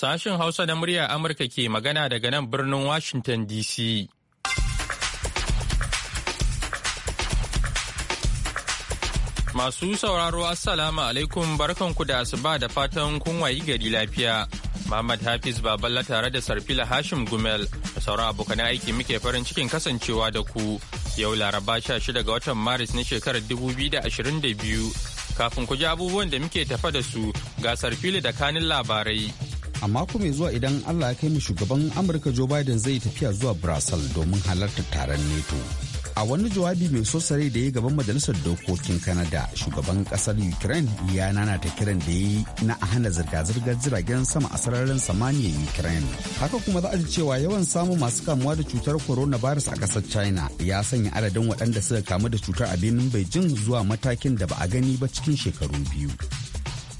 Sashen Hausa na murya Amurka ke magana daga nan birnin Washington DC. Masu sauraro Assalamu alaikum barkanku da asuba da fatan kun wayi gari lafiya. Muhammad Hafiz Baballa tare da Sarfila Hashim Gumel da sauran abokan aiki muke farin cikin kasancewa da ku yau Laraba 16 ga watan Maris na shekarar 2022 kafin ku ji abubuwan da muke tafa da su ga Sarfila da kanin labarai. amma kuma mai zuwa idan allah ya kai mu shugaban amurka joe biden zai tafiya zuwa brazil domin halartar taron neto a wani jawabi mai sosai da ya gaban majalisar dokokin Kanada shugaban kasar ukraine ya nana ta kiran da ya yi na a hana zirga-zirgar jiragen sama a sararin samaniyar ukraine haka kuma za a ji cewa yawan samun masu kamuwa da cutar corona virus a kasar china ya sanya adadin waɗanda suka kamu da cutar a birnin beijing zuwa matakin da ba a gani ba cikin shekaru biyu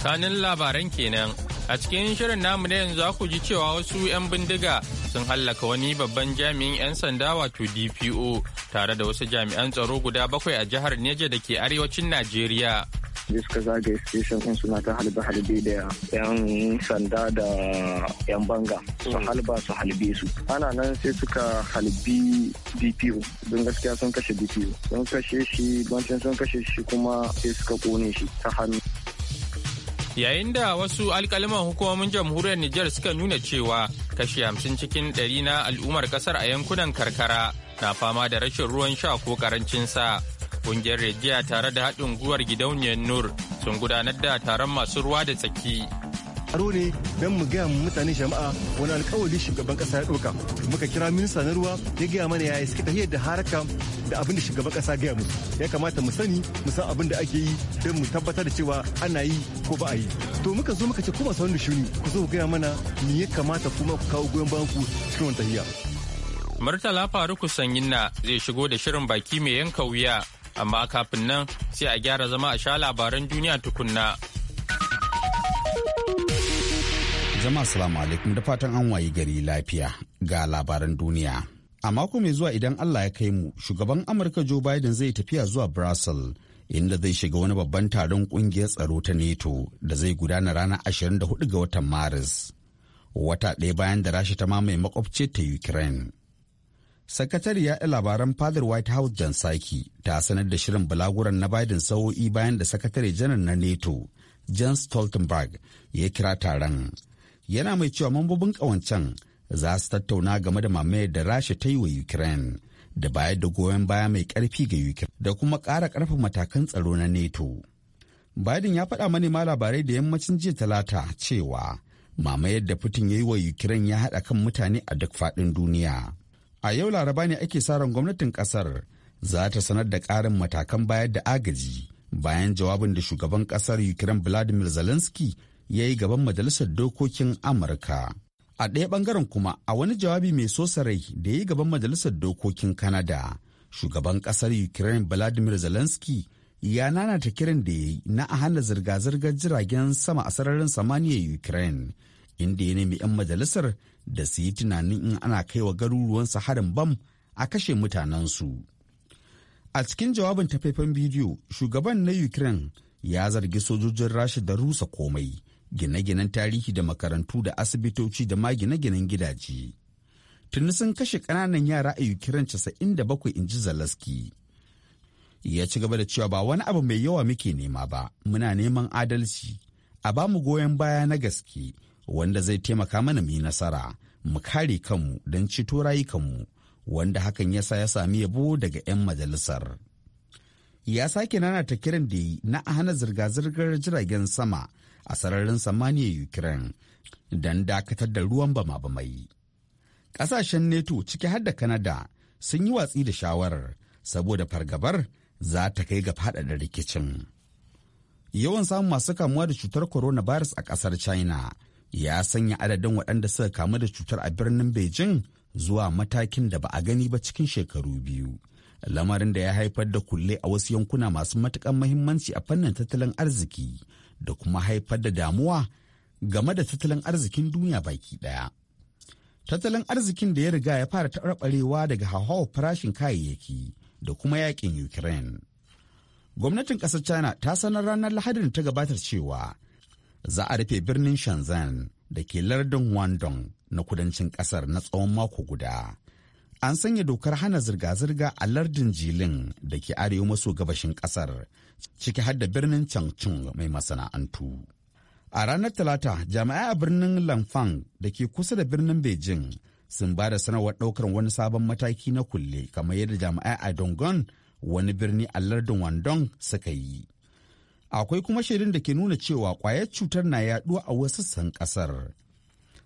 kanin labaran kenan A cikin shirin namu na yanzu ku ji cewa wasu 'yan bindiga sun hallaka wani babban jami'in 'yan sanda wato DPO tare da wasu jami'an tsaro guda bakwai a jihar Neja da ke arewacin Najeriya. da suka zagaye station ɗin suna ta halbe halbe da yan sanda da yan banga su mm. halba su halbe su ana nan sai suka halbi dpo don gaskiya sun kashe dpo sun kashe shi bancin sun kashe shi kuma sai suka kone shi ta hannu yayin da wasu alkaliman hukumomin jamhuriyar Nijar suka nuna cewa kashi hamsin cikin ɗari na al'ummar ƙasar a yankunan karkara na fama da rashin ruwan sha ko karancin sa. Ƙungiyar rediyo tare da haɗin gwiwar gidauniyar Nur sun gudanar da taron masu ruwa da tsaki aro ne don mu gaya mutane jama'a wani alkawari shugaban kasa ya ɗauka muka kira minista na ruwa ya gaya mana yaya suka tafiyar da haraka da abin da shugaban kasa gaya musu ya kamata mu sani mu san abin da ake yi don mu tabbatar da cewa ana yi ko ba a yi to muka zo muka ce kuma masu wani shuni ku zo gaya mana me ya kamata kuma ku kawo goyon bayan ku cikin wani tahiya. Murtala Faruku Sanyinna zai shigo da shirin baki mai yanka wuya amma kafin nan sai a gyara zama a sha labaran duniya tukunna. Jama'a salamu alaikum da fatan an wayi gari lafiya ga labaran duniya. A mako mai zuwa idan Allah ya kai mu, shugaban Amurka Joe Biden zai tafiya zuwa Brussels inda zai shiga wani babban taron kungiyar tsaro ta NATO da zai gudana ranar 24 ga watan Maris. Wata ɗaya bayan da Rasha ta mamaye makwabce ta Ukraine. Sakatariya labaran fadar White House Jan Saki ta sanar da shirin balaguran na Biden sa'o'i bayan da sakatare janar na NATO Jens Stoltenberg ya kira taron yana mai cewa mambobin ƙawancen za su tattauna game da mamayar da rasha ta yi wa ukraine da bayar da goyon baya mai ƙarfi ga ukraine da kuma ƙara ƙarfin matakan tsaro na nato biden ya faɗa manema labarai da yammacin jiya talata cewa mamayar da putin ya yi wa ukraine ya haɗa kan mutane a duk faɗin duniya a yau laraba ne ake sa ran gwamnatin ƙasar za ta sanar da ƙarin matakan bayar da agaji bayan jawabin da shugaban ƙasar ukraine vladimir zelensky ya yi gaban majalisar dokokin amurka a ɗaya ɓangaren kuma a wani jawabi mai sosa rai da ya yi gaban majalisar dokokin kanada shugaban ƙasar ukraine vladimir zelensky ya nana ta kiran da ya yi na a hana zirga-zirgar jiragen sama a sararin samaniya ukraine inda ya nemi 'yan majalisar da su yi tunanin in ana kai wa garuruwan garuruwansa harin bam a kashe mutanensu. A cikin jawabin ta faifan bidiyo, shugaban na Ukraine ya zargi sojojin Rasha da rusa komai gine-ginen tarihi da makarantu da asibitoci da ma gine-ginen gidaje. Tuni sun kashe ƙananan yara a Ukraine bakwai in ji Zalaski. Ya ci gaba da cewa ba wani abu mai yawa muke nema ba, muna neman adalci, a ba mu goyon baya na gaske wanda zai taimaka mana mu yi nasara, mu kare kanmu don ceto rayukanmu, wanda hakan ya sa ya sami yabo daga 'yan majalisar. Ya sake nana ta kiran da yi na a hana zirga-zirgar jiragen sama a sararin samaniya Ukraine don dakatar da ruwan bama-bamai. Ƙasashen neto ciki har da Kanada sun yi watsi da shawarar saboda fargabar za ta kai ga faɗaɗa rikicin. Yawan samun masu kamuwa da cutar coronavirus a ƙasar China ya sanya adadin waɗanda suka kamu da cutar a birnin Beijing zuwa matakin da ba a gani ba cikin shekaru biyu. Lamarin da ya haifar da kulle a wasu yankuna masu matuƙan muhimmanci a fannin tattalin arziki da kuma haifar da damuwa game da tattalin arzikin duniya baki ɗaya. Tattalin arzikin da ya riga ya fara taɓarɓarewa daga hauhawar farashin kayayyaki da kuma yakin Ukraine. Gwamnatin ƙasar China ta sanar ranar Lahadin ta gabatar cewa za a rufe birnin Shenzhen da ke lardin Wandong na kudancin ƙasar na tsawon mako guda an sanya dokar hana zirga-zirga a lardin jilin da ke arewa maso gabashin kasar ciki har da birnin changchun mai masana'antu a ranar talata jami'ai a birnin lanfang da ke kusa da birnin beijing sun ba da sanarwar ɗaukar wani sabon mataki na kulle kamar yadda jami'ai a dongon wani birni a lardin wandong suka yi akwai kuma shaidun da ke nuna cewa kwayar cutar na yaduwa a wasu san kasar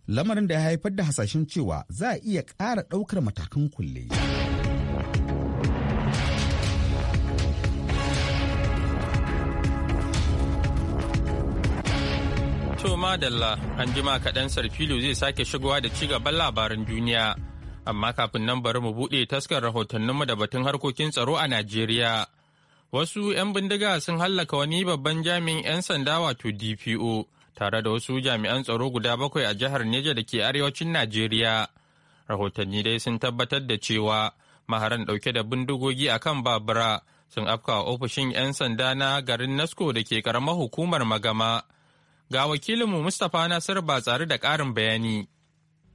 lamarin da ya haifar da hasashen cewa za a iya ƙara ɗaukar matakan kulle. To madalla an jima kaɗan sarfilo zai sake shigowa da ci gaban labaran duniya. Amma kafin nan bari mu buɗe taskar rahotanninmu da batun harkokin tsaro a Najeriya. Wasu 'yan bindiga sun hallaka wani babban jami'in 'yan sanda wato DPO tare da wasu jami'an tsaro guda bakwai a jihar Neja da ke arewacin Najeriya. Rahotanni dai sun tabbatar da cewa maharan ɗauke da bindigogi a kan babura sun afkawa ofishin 'yan sanda na garin Nasko da ke karamar hukumar Magama. Ga wakilinmu Mustapha Nasir ba tsare da ƙarin bayani.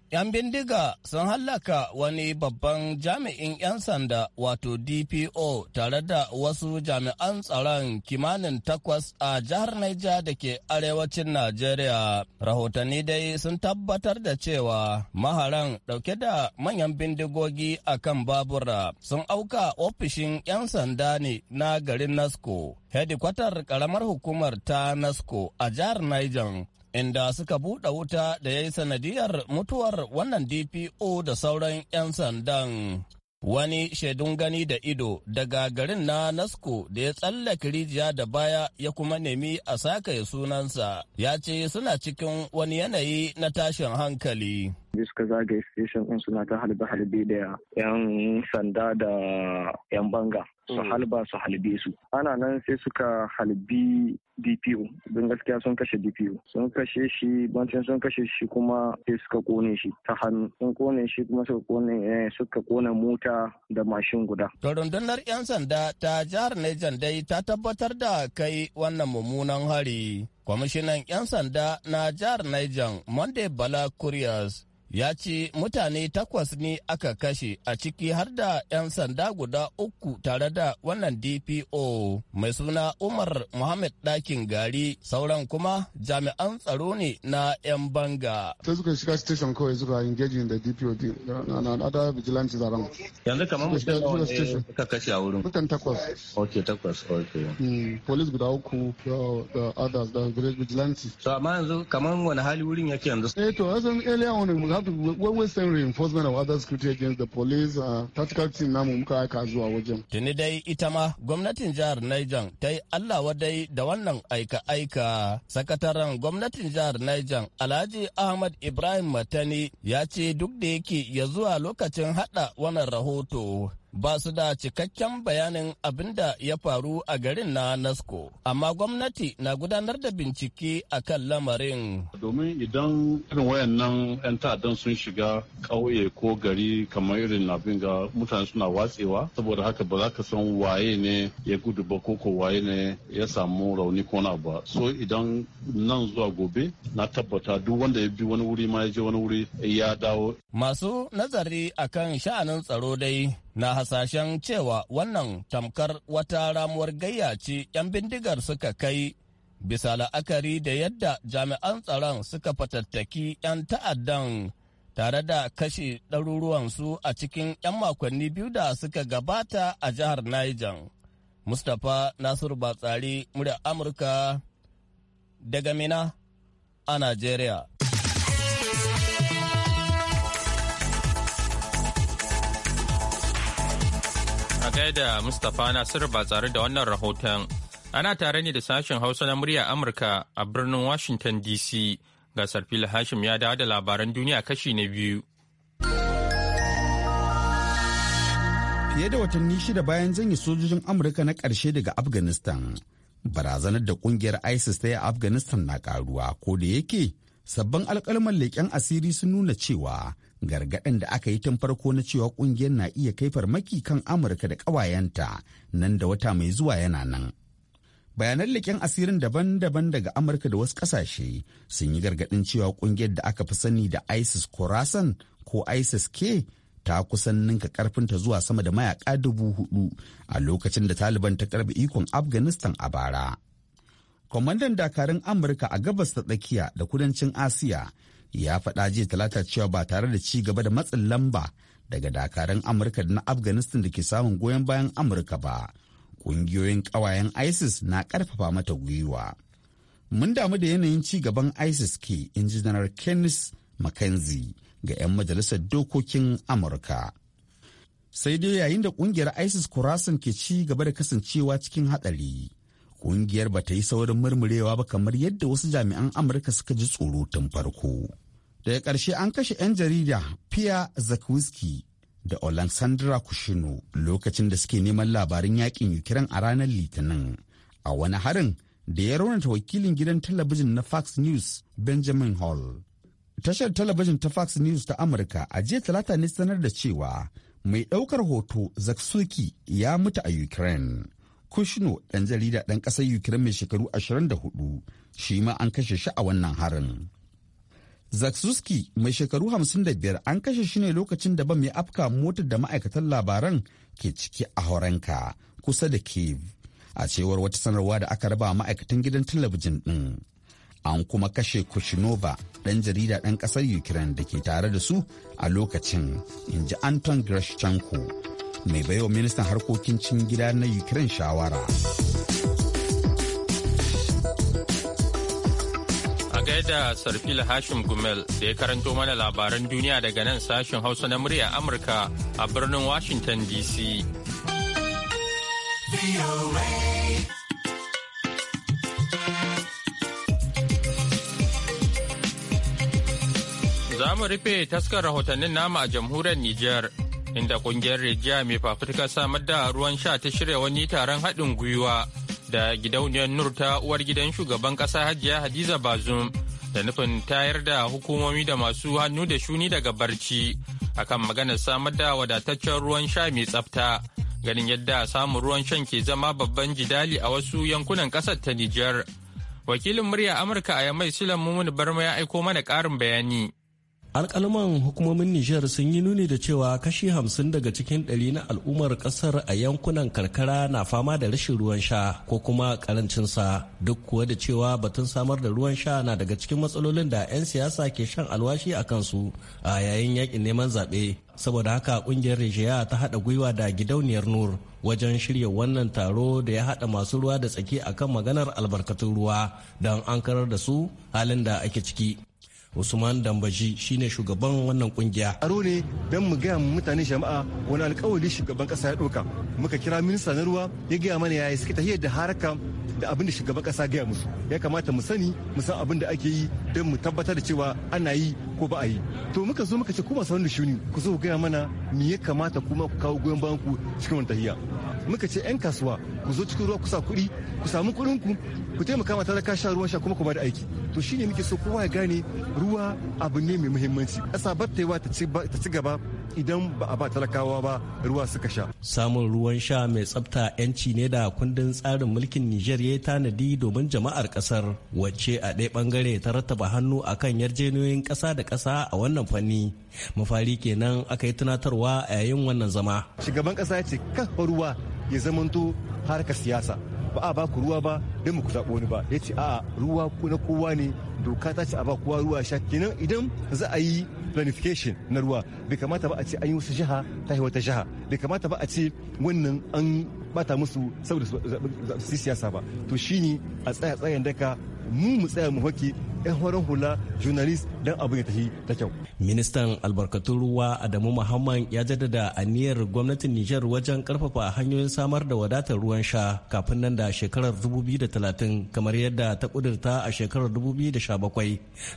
'Yan bindiga sun hallaka wani babban jami'in 'yan sanda wato DPO tare da wasu jami'an tsaron kimanin takwas a jihar Naija da ke arewacin Najeriya. Rahotanni dai sun tabbatar da cewa maharan ɗauke da manyan bindigogi a kan babura sun auka ofishin 'yan sanda ne na garin NASCO, hedikwatar karamar hukumar ta nasco a jihar niger inda suka buɗe wuta da ya yi sanadiyar mutuwar wannan dpo da sauran 'yan sandan wani shaidun gani da ido daga garin na nasko da ya tsallake rijiya da baya ya kuma nemi a ya sunansa ya ce suna cikin wani yanayi na tashin hankali da suka zagaye station din suna ta halbe-halbe da yan sanda da yan banga su mm. halba su halbe su ana nan sai suka halbi DPO don gaskiya sun kashe DPO sun kashe shi bancin sun kashe shi kuma sai suka kone shi ta hannu sun kone shi kuma suka kone eh, suka kone mota da mashin guda. To rundunar 'yan sanda ta jihar Niger dai ta tabbatar da kai wannan mummunan hari. Kwamishinan 'yan sanda na jihar Niger Monday Bala kurias ya ce mutane takwas ne aka kashe a ciki har da 'yan sanda guda uku tare da wannan dpo mai suna umar muhammad ɗakin gari sauran kuma jami'an tsaro ne na 'yan banga ta suka shiga station kawai suka engaging da dpo na vigilance vigilante around yanzu kamar mutum ka kashe a wurin mutum takwas ok takwas ok hmm, police guda uku da others da so amma yanzu kamar wani hali wurin yake yanzu eh to yanzu earlier on have when we send reinforcement of other security against the police uh, tactical team namu muka aika zuwa wajen. Tuni dai ita ma gwamnatin jihar Niger ta yi Allah wadai da wannan aika-aika. Sakataren gwamnatin jihar Niger Alhaji Ahmad Ibrahim Matani ya ce duk da yake ya zuwa lokacin hada wannan rahoto ba su da cikakken bayanin abin da ya faru a garin na Nasko, amma gwamnati na gudanar da bincike a kan lamarin. Domin idan irin wayannan 'yan ta'addan sun shiga ƙauye ko gari kamar irin abin ga mutane suna watsewa, saboda haka ba za ka san waye ne ya gudu ba ko ko waye ne ya samu rauni ko na ba. So idan nan zuwa gobe na tabbata duk wanda ya bi wani wuri ma ya je wani wuri ya dawo. Masu nazari akan sha'anin tsaro dai na hasashen cewa wannan tamkar wata ramuwar gayya ce 'yan bindigar suka kai bisa la'akari da yadda jami'an tsaron suka fatattaki 'yan ta'addan tare da kashe ɗaruruwansu a cikin 'yan makonni biyu da suka gabata a jihar Niger. Mustapha Nasiru Batsari, murya Amurka daga Mina a Najeriya. A gaida Mustapha Nasir ba tsare da wannan rahoton. Ana tare ne da sashen Hausa na murya Amurka a birnin Washington DC. ga Sarfila Hashim ya dawo da labaran duniya kashi na biyu. Fiye da watanni shida bayan janye sojojin Amurka na ƙarshe daga Afghanistan. Barazanar da kungiyar ISIS ta yi a Afghanistan na ƙaruwa ko da yake sabbin alƙalman leƙen asiri sun nuna cewa gargaɗin da aka yi tun farko na cewa ƙungiyar na iya kai farmaki kan amurka da ƙawayenta nan da wata mai zuwa yana nan bayanan likin asirin daban-daban daga amurka da wasu ƙasashe sun yi gargaɗin cewa ƙungiyar da aka fi sani da isis korasan ko isis k ta kusan ninka karfinta zuwa sama da mayaka dubu hudu a lokacin da taliban ta karbi ikon afghanistan a bara kwamandan dakarun amurka a gabas ta tsakiya da kudancin asiya ya faɗa jiya talata cewa ba tare da ci gaba da matsin lamba daga dakarun amurka da na afghanistan da ke samun goyon bayan amurka ba ƙungiyoyin ƙawayen isis na ƙarfafa mata gwiwa mun damu da yanayin ci gaban isis ke in ji janar kenneth mckenzie ga 'yan majalisar dokokin amurka sai dai yayin da ƙungiyar isis kurasan ke ci gaba da kasancewa cikin hatsari kungiyar ba ta yi saurin murmurewa ba kamar yadda wasu jami'an amurka suka ji tsoro tun farko daga ƙarshe an kashe 'yan jarida pia zakwiski da Oleksandra Kushino lokacin da suke neman labarin yakin Ukraine a ranar Litinin a wani harin da ya raunata wakilin gidan talabijin na Fox News Benjamin Hall. Tashar talabijin ta Fox News ta Amurka a jiya talata ne sanar da cewa mai ɗaukar hoto Zaksuki ya mutu a Ukraine. kushno ɗan jarida ɗan ƙasar ukraine mai shekaru 24 shi ma an kashe shi a wannan harin zaksuski mai shekaru 55 an kashe shi ne lokacin da ba mai afka motar da ma'aikatan labaran ke ciki a horenka kusa da kiev a cewar wata sanarwa da aka raba ma'aikatan gidan talabijin ɗin an kuma kashe kushinova ɗan jarida ɗan ƙasar ukraine da ke tare da su a lokacin in ji anton grashchenko mai baiwa ministan harkokin cin gida na ukraine shawara a gaida sarfil hashim gumel da ya karanto mana labaran duniya daga nan sashen hausa na murya amurka a birnin washington dc za mu rufe taskar rahotannin nama a jamhuriyar Nijar inda kungiyar rijiya mai fafutuka samar da ruwan sha ta shirya wani taron haɗin gwiwa da gidauniyar nur ta uwar gidan shugaban ƙasa hajiya hadiza bazum da nufin tayar da hukumomi da masu hannu da shuni daga barci akan maganar samar da wadataccen ruwan sha mai tsafta ganin yadda samun ruwan shan ke zama babban jidali a wasu yankunan ƙasar ta nijar wakilin murya amurka a yamai silan mumun barma ya aiko mana ƙarin bayani alkalman hukumomin nijar sun yi nuni da cewa kashi hamsin daga cikin ɗari na al'ummar ƙasar a yankunan karkara na fama da rashin ruwan sha ko kuma ƙarancinsa duk kuwa da cewa batun samar da ruwan sha na daga cikin matsalolin da 'yan siyasa ke shan alwashi a kansu a yayin yakin neman zaɓe saboda haka ƙungiyar rijiya ta haɗa gwiwa da gidauniyar nur wajen shirya wannan taro da ya haɗa masu ruwa da tsaki akan maganar albarkatun ruwa don an karar da su halin da ake ciki usman dambaji shine shugaban wannan kungiya aro ne don mu gaya mutane jama'a wani alkawali shugaban kasa ya ɗauka muka kira minista na ruwa ya gaya mana yaya suke tafiyar da haraka da abin da shugaban kasa gaya musu ya kamata mu sani mu san abin da ake yi don mu tabbatar da cewa ana yi ko ba a yi to muka zo muka ce kuma masu da shuni ku zo ku gaya mana me ya kamata kuma ku kawo goyon bayan ku cikin wani tahiya muka ce 'yan kasuwa ku zo cikin ruwa ku sa kuɗi ku samu kuɗin ku ku taimaka ma talaka sha ruwan sha kuma ku bada aiki to shine muke so kowa ya gane ruwa abu ne mai muhimmanci ƙasa ba ta ci gaba idan ba a ba talakawa ba ruwa suka sha. Samun ruwan sha mai tsafta 'yanci ne da kundin tsarin mulkin Nijar ya tanadi domin jama'ar kasar wacce a ɗaya bangare ta rattaba hannu a kan yarjejeniyoyin ƙasa da kasa a wannan fanni. Mafari kenan aka yi tunatarwa a yayin wannan zama. Shugaban kasa ya ce kan ruwa ya zamanto harkar siyasa ba a baku ruwa ba don mu ku wani ba ya ce a'a ruwa na kowa ne doka ta ce a ba kowa ruwa sha kenan idan za a yi planification na ruwa bai kamata ba a ce an yi wasu jiha ta yi wata jiha bai kamata ba a ce wannan an bata musu saboda su siyasa ba to shine a tsaya tsayan daka mu mu tsaya mu haki 'yan horon hula journalist dan abin ya tafi da kyau. Ministan albarkatun ruwa Adamu Muhammad ya jaddada aniyar gwamnatin Nijar wajen karfafa hanyoyin samar da wadatar ruwan sha kafin nan da shekarar 2030 kamar yadda ta kudurta a shekarar 2017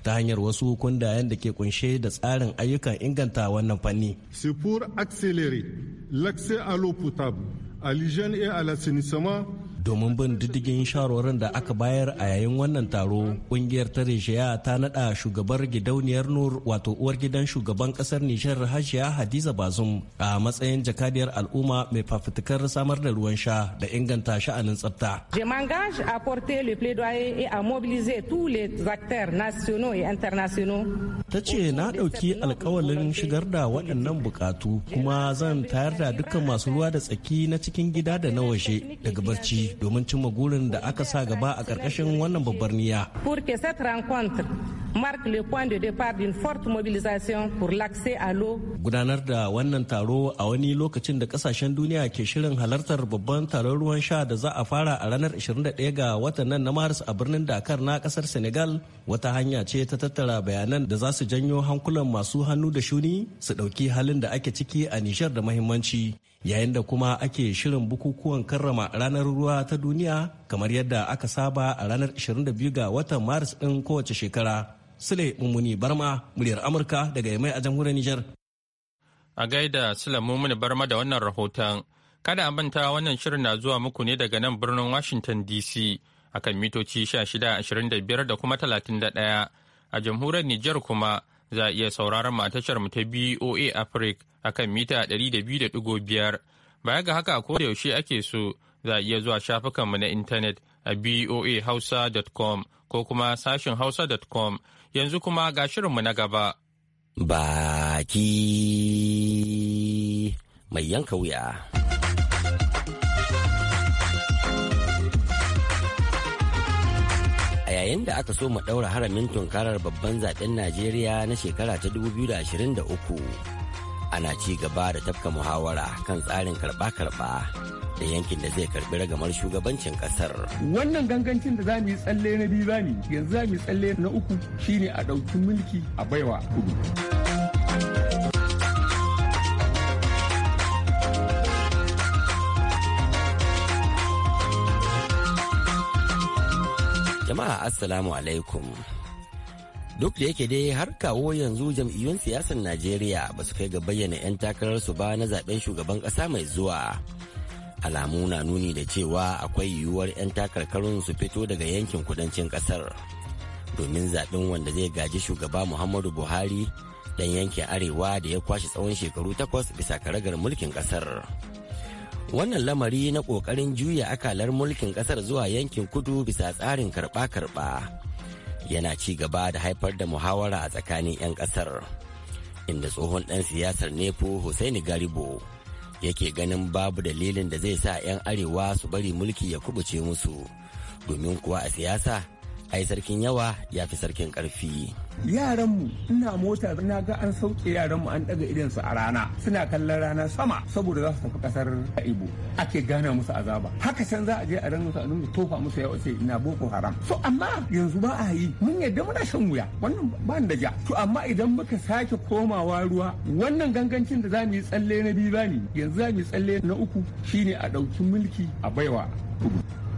ta hanyar wasu kundayen da ke kunshe da tsarin ayyukan inganta wannan fanni. C'est accelerate l'accès à l'eau potable, à l'hygiène et à l'assainissement domin bin diddigin shawarwarin da aka bayar a yayin wannan taro kungiyar ta reshiya ta nada shugabar gidauniyar nur wato uwar gidan shugaban kasar nijar hajiya hadiza bazum a matsayin jakadiyar al'umma mai fafutukar samar da ruwan sha da inganta sha'anin tsafta. le plaidoyer tous ta ce na ɗauki alkawalin shigar da waɗannan bukatu kuma zan tayar da dukkan masu ruwa da tsaki na cikin gida da na waje daga barci domin cimma gurin da aka sa gaba a ƙarƙashin wannan babbar niyya. Pour que cette rencontre marque le point de départ d'une forte mobilisation pour l'accès à l'eau. Gudanar da wannan taro a wani lokacin da kasashen duniya ke shirin halartar babban taron ruwan sha da za a fara a ranar 21 ga watan nan na Maris a birnin Dakar na kasar Senegal wata hanya ce ta tattara bayanan da za su janyo hankulan masu hannu da shuni su ɗauki halin da ake ciki a nijar da mahimmanci. yayin da kuma ake shirin bukukuwan karrama ranar ruwa ta duniya kamar yadda aka saba a ranar 22 ga watan maris ɗin kowace shekara sule mummuni barma muryar amurka daga yamai a jamhuriyar niger a gaida sule mummuni barma da wannan rahoton kada a manta wannan shirin na zuwa muku ne daga nan birnin washington dc akan mitoci 25 da kuma 31 a jamhuriyar niger kuma Za a iya sauraron tashar mu ta BOA Africa akan mita 200.5. Baya ga haka ko da yaushe ake so za a iya zuwa shafukanmu na intanet a boahausa.com ko kuma sashin hausa.com yanzu kuma ga shirinmu na gaba. Baki mai yanka wuya. yayin da aka so mu ɗaura haramin tunkarar babban zaben najeriya na shekara ta 2023 ana ci gaba da tafka muhawara kan tsarin karɓa karba da yankin da zai karbi ragamar shugabancin kasar. Wannan gangancin da za mu yi tsalle na biyu yanzu za mu yi tsalle na uku shine a ɗauki mulki a baiwa kudu. Jama'a Assalamu alaikum. Duk da yake dai har kawo yanzu jam'iyyun siyasar Najeriya ba su kai ga bayyana 'yan takararsu ba na zaben shugaban ƙasa mai zuwa. Alamu na nuni da cewa akwai yiwuwar 'yan takarkarun su fito daga yankin kudancin ƙasar. Domin zaɓen wanda zai gaji shugaba Muhammadu Buhari dan yankin arewa da ya kwashe tsawon shekaru takwas bisa karagar mulkin ƙasar. wannan lamari na ƙoƙarin juya akalar mulkin ƙasar zuwa yankin kudu bisa tsarin karɓa-karɓa yana ci gaba da haifar da muhawara a tsakanin 'yan ƙasar inda tsohon ɗan siyasar nepo Hussaini garibo yake ganin babu dalilin da zai sa 'yan arewa su bari mulki ya kubuce musu domin kuwa a siyasa ai sarkin yawa ya fi sarkin karfi yaranmu ina mota na ga an sauke yaranmu an daga idansu a rana suna kallon rana sama saboda za su tafi kasar ibo ake gana musu azaba haka can za a je a ranga su a tofa musu yawa ce ina boko haram so amma yanzu ba a yi mun yadda muna shan wuya wannan ba da ja to amma idan muka sake komawa ruwa wannan gangancin da za mu yi tsalle na biyu ba yanzu za mu yi tsalle na uku shine a ɗauki mulki a baiwa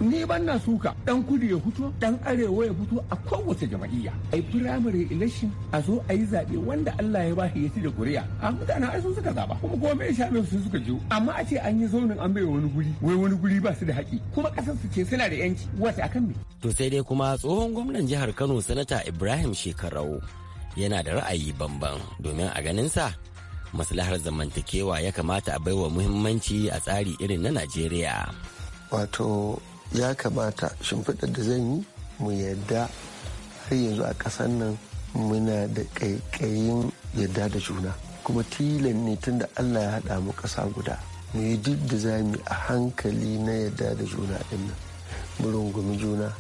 ni ban na suka dan kudu ya fito dan arewa ya fito a kowace jama'iyya ai primary election a zo a yi zaɓe wanda Allah ya ba shi ya da kuriya a mutane ai sun suka zaba kuma kuma mai shafe su suka jiwo amma a ce an yi zaunin an bai wani guri wai wani guri ba su da haƙi kuma ƙasar su ce suna da yanci wata akan me to sai dai kuma tsohon gwamnan jihar Kano sanata Ibrahim Shekarau yana da ra'ayi bamban domin a ganin sa maslahar zamantakewa ya kamata a baiwa muhimmanci a tsari irin na Najeriya wato ya kamata shimfiɗar da zan yi mu yadda har yanzu a ƙasar nan muna da ƙaiƙayin yadda da juna kuma tilan ne tun da allah ya haɗa mu ƙasa guda mu yi duk da za mu a hankali na yadda da juna ɗin nan mu rungumi juna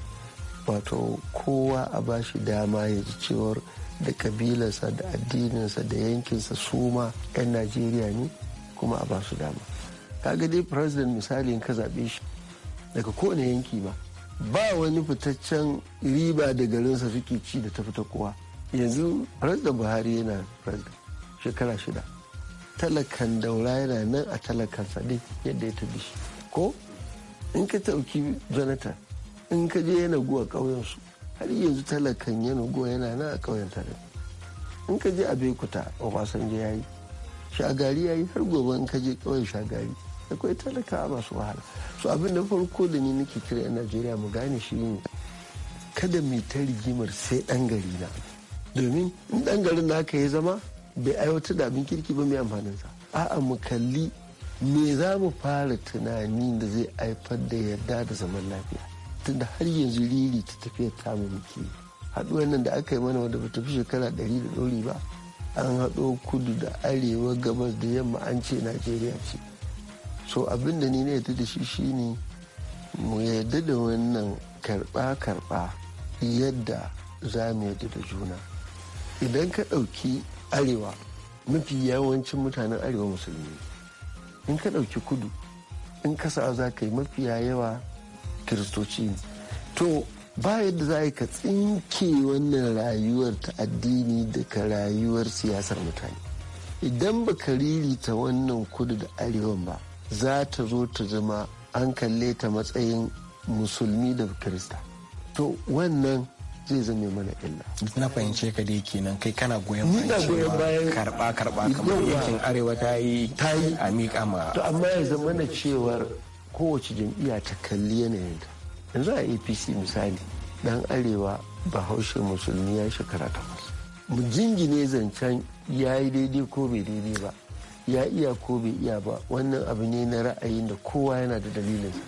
wato kowa a ba shi dama ya ji cewar da ƙabilarsa da addininsa da yankinsa su ma 'yan najeriya ne kuma a ba su dama ga dai president misali ka zaɓe shi daga kowane yanki ba ba wani fitaccen riba da garinsa suke ci da ta fita kowa yanzu president buhari yana president shekara shida talakan daura yana nan a talakan sade yadda ya tabi shi ko in ka tauki jonathan in ka je yana guwa ƙauyensu har yanzu talakan yana guwa yana nan a ƙauyen tare in ka je a bekuta obasanjo ya yi shagari ya yi har gobe in ka je ƙauyen shagari akwai talakawa masu wahala so abin na farko da ni nake kira yan najeriya mu gane shi ne kada mu ta rigimar sai dan gari na domin in dan garin haka ya zama bai aiwata da abin kirki ba mai amfanin sa a'a mu kalli me za mu fara tunani da zai haifar da yarda da zaman lafiya tunda har yanzu riri ta tafiya ta mu muke haɗu nan da aka yi mana wanda ba tafi shekara ɗari da ɗori ba an haɗo kudu da arewa gabas da yamma an ce najeriya ce so abin da ni na yadda da shi shine mu yadda da wannan karɓa-karɓa yadda za mu yadda da juna idan ka ɗauki arewa mafi yawancin mutanen arewa musulmi in ka ɗauki kudu in kasa za ka yi mafiya yawa kiristoci ne to ba yadda za ka tsinke wannan rayuwar ta addini daga rayuwar siyasar mutane idan ba ka ririta wannan kudu da arewa ba za ta zo ta zama an kalle ta matsayin musulmi da kirista to wannan zai zame mana illa na fahimce ka dai kenan kai kana goyon bayan karba karba kamar yankin arewa ta yi ta yi a miƙa ma to amma ya zama na cewar kowace jam'iyya ta kalli yanayin ta. yanzu a apc misali dan arewa bahaushe musulmi ya shekara takwas mu jingine zancen ya yi daidai ko bai daidai ba ya iya ko bai iya ba wannan abu ne na ra'ayin da kowa yana da dalilinsa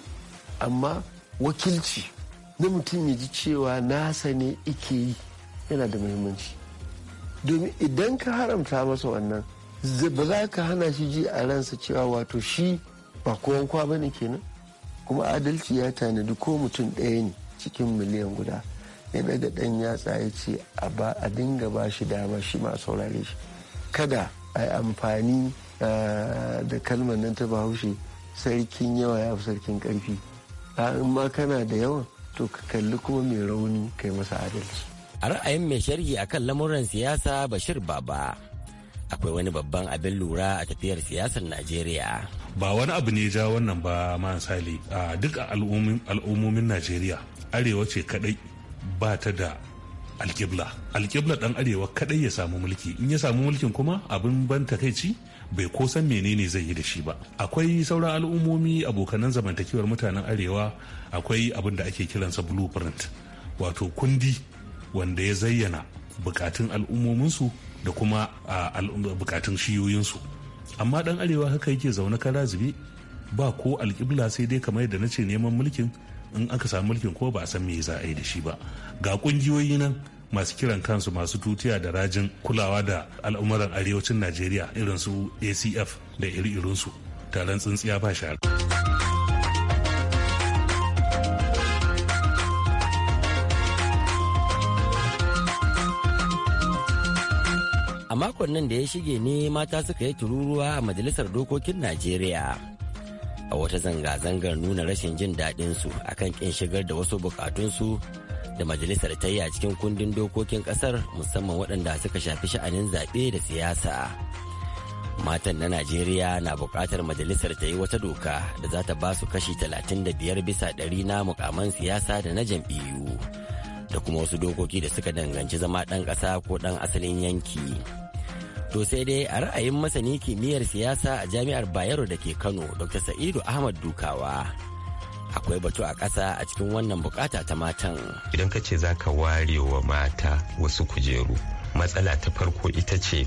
amma wakilci na mutum ya ji cewa nasa ne ike yi yana da muhimmanci domin idan ka haramta masa wannan ba za ka hana shi ji a ransa cewa wato shi ba kowankwa ba ne kenan kuma adalci ya tanadi ko mutum ɗaya ne cikin miliyan guda ya daga ɗan yatsa ya ce a dinga ba shi dama shi ma saurare shi kada a yi amfani da kalmar nan ta bahaushe sarkin yawa ya fi sarkin karfi in ma kana da yawa to ka kalli kuma mai rauni kai masa adalci a ra'ayin mai sharhi a kan lamuran siyasa bashir baba akwai wani babban abin lura a tafiyar siyasar najeriya ba wani abu ne ja wannan ba man sali a duk al'ummomin najeriya arewa ce kadai ba ta da alkibla alkibla dan arewa kadai ya samu mulki in ya samu mulkin kuma abin ban takaici bai ko san menene zai yi da shi ba akwai sauran al'ummomi abokanan zamantakewar mutanen arewa akwai abin da ake kiransa blueprint wato kundi wanda ya zayyana bukatun al'ummominsu da kuma bukatun shiyoyinsu amma dan arewa haka yake zaune kara zube ba ko alƙibla sai dai kamar yadda na ce neman mulkin in aka samu mulkin ko ba a san me za a yi da shi ba ga ƙungiyoyi nan masu kiran kansu masu tutiya da rajin kulawa da al'umuran arewacin najeriya irin su acf da iri-irinsu taron tsintsiya ba shara a makon nan da ya shige ne mata suka yi tururuwa a majalisar dokokin najeriya a wata zanga-zangar nuna rashin jin daɗinsu akan kin shigar da wasu bukatunsu da majalisar ta yi a cikin kundin dokokin kasar musamman waɗanda suka shafi sha'anin zaɓe da siyasa matan na najeriya na buƙatar majalisar ta yi wata doka da za ta ba su kashi 35 bisa ɗari na mukaman siyasa da na jam'iyyu da kuma wasu dokoki da suka danganci zama ɗan ƙasa ko ɗan asalin yanki to sai dai a ra'ayin masani kimiyyar siyasa a jami'ar bayero da ke kano dr sa'idu ahmad dukawa akwai batu a ƙasa a cikin wannan bukata ta matan idan ka ce za ka ware wa mata wasu kujeru matsala ta farko ita ce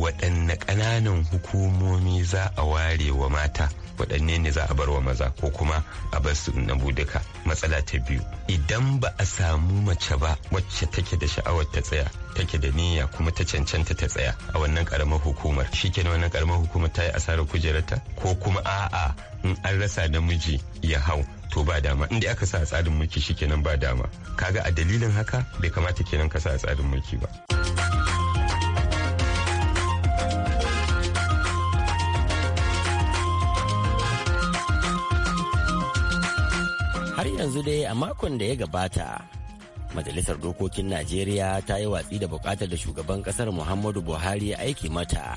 waɗanne ƙananan hukumomi za a ware wa mata waɗanne ne za a bar wa maza ko kuma a bar su na buduka matsala ta biyu idan ba a samu mace ba wacce take da sha'awar ta tsaya take da niyya kuma ta cancanta ta tsaya a wannan ƙaramar hukumar shi shikenan wannan ƙaramar hukumar ta yi asarar kujerarta ko kuma a'a in an rasa namiji ya hau to ba dama inda aka sa tsarin mulki shikenan ba dama kaga a dalilin haka bai kamata kenan ka sa tsarin mulki ba har yanzu dai a makon da ya gabata majalisar dokokin najeriya ta yi watsi da bukatar da shugaban kasar muhammadu buhari aiki mata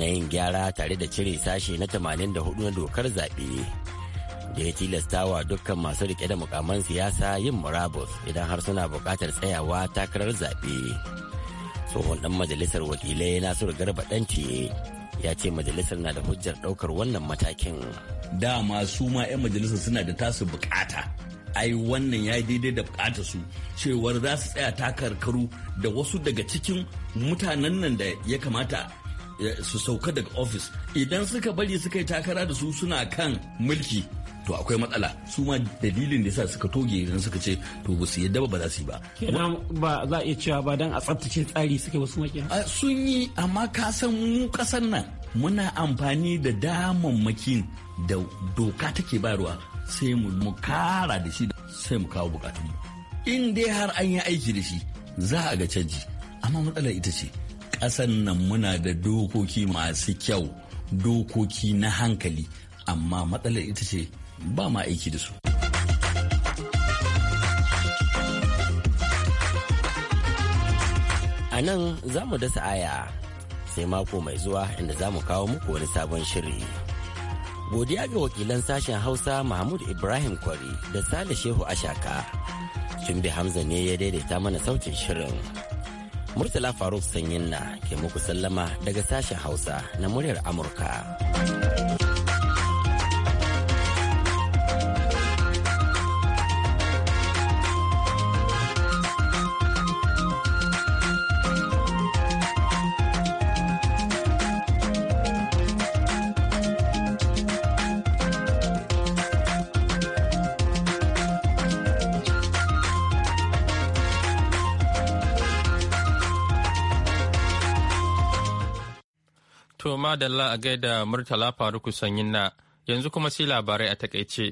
na yin gyara tare da cire sashe na 84 na dokar zaɓe da ya tilasta wa dukkan masu rike da mukaman siyasa yin murabus idan har suna bukatar tsayawa takarar zaɓe. tsohon ɗan majalisar wakilai nasiru garba ɗanciye ya ce majalisar na da hujjar ɗaukar wannan matakin dama su ma 'yan majalisar suna da tasu bukata ai wannan ya daidai da bukata su cewar za su tsaya takarkaru da wasu daga cikin mutanen nan da ya kamata eh, su sauka daga ofis idan suka bari suka yi takara da su suna kan mulki to akwai matsala su ma dalilin da sa suka toge idan suka ce to ba su yadda ba za su yi ba kenan ba za a iya cewa ba dan a tsaftace tsari suke wasu makiya sun yi amma ka san mu kasan nan muna amfani da damammakin da doka take bayarwa sai mu kara da shi sai mu kawo bukatunmu in dai har an yi aiki da shi za a ga canji amma matsalar ita ce ƙasan nan muna da dokoki masu kyau dokoki na hankali amma matsalar ita ce ba ma aiki da su. A nan za mu dasa aya sai mako mai zuwa inda za mu kawo muku wani sabon shiri. Godiya ga wakilan sashen Hausa Mahmud Ibrahim Kwari da Sale Shehu Ashaka. bi Hamza ne ya daidaita mana sautin shirin. Murtala Faruk Sanyin na ke muku sallama daga sashen Hausa na muryar Amurka. To madalla a gaida Murtala Faruku Sanyin na yanzu kuma sai labarai a takaice.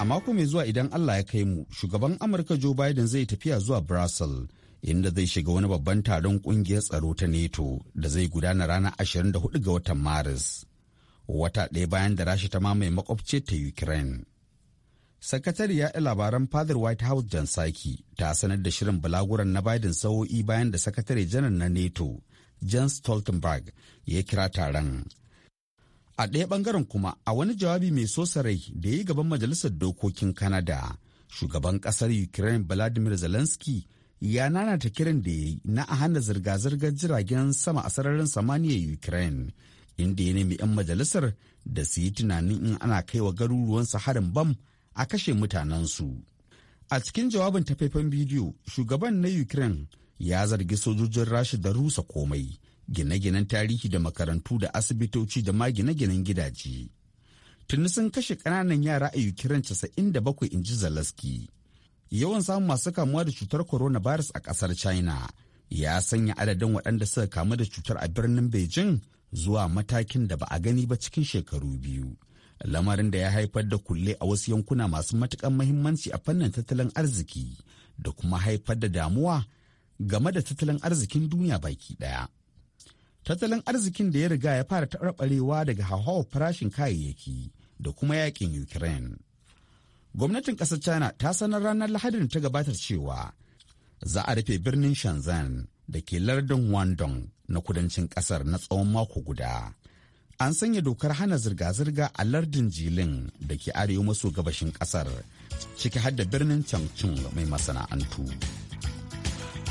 A mako mai zuwa idan Allah ya kai mu, shugaban Amurka Joe Biden zai tafiya zuwa Brussels inda zai shiga wani babban taron kungiyar tsaro ta NATO da zai gudana ranar 24 ga watan Maris. Wata ɗaya bayan da Rasha ta mamaye makwabce ta Ukraine. sakatariya labaran fadar white house jan saki ta sanar da shirin bulaguran na biden sa'o'i bayan da sakatare janar na nato jens stoltenberg ya kira taron a ɗaya ɓangaren kuma a wani jawabi mai sosa rai da ya yi gaban majalisar dokokin canada shugaban ƙasar ukraine vladimir zelensky ya nanata kiran da ya yi na a hana zirga-zirgar jiragen sama a sararin samaniya ukraine inda ya nemi 'yan majalisar da su yi tunanin in ana kai wa garuruwansa harin bam a kashe mutanensu. A cikin jawabin ta faifan bidiyo, shugaban na Ukraine ya zargi sojojin Rasha da rusa komai, gine-ginen tarihi da makarantu da asibitoci da ma gine-ginen gidaje. Tuni sun kashe ƙananan yara a Ukraine bakwai in ji Zalaski. Yawan samun masu kamuwa da cutar corona coronavirus a ƙasar China ya sanya adadin waɗanda suka kamu da cutar a birnin Beijing zuwa matakin da ba a gani ba cikin shekaru biyu. lamarin da ya haifar da kulle a wasu yankuna masu matukan mahimmanci a fannin tattalin arziki da kuma haifar da damuwa game da tattalin arzikin duniya baki daya. Tattalin arzikin da ya riga ya fara taɓarɓarewa daga hauhawar farashin kayayyaki da kuma yakin Ukraine. Gwamnatin ƙasar China ta sanar ranar Lahadin ta gabatar cewa za a rufe birnin Shenzhen da ke lardin Wandong na kudancin ƙasar na tsawon mako guda an sanya dokar hana zirga-zirga a lardin jilin da ke arewa maso gabashin kasar ciki har da birnin changchun mai masana'antu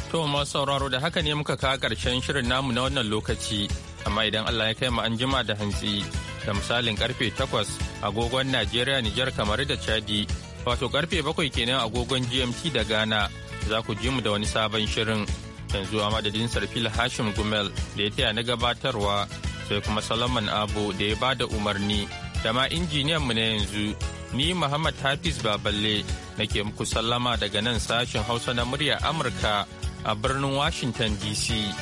to masu sauraro da haka ne muka kawo karshen shirin namu na wannan lokaci amma idan allah ya kai mu an jima da hantsi da misalin karfe 8 agogon najeriya nijar kamar da chadi wato karfe 7 kenan agogon gmt da ghana za ku ji mu da wani sabon shirin yanzu a madadin sarfil hashim gumel da ya taya na gabatarwa sai kuma Solomon Abu da ya bada umarni da ma injiniyan mu na yanzu ni Muhammad Hafiz Baballe nake muku sallama daga nan sashen Hausa na murya Amurka a birnin Washington DC.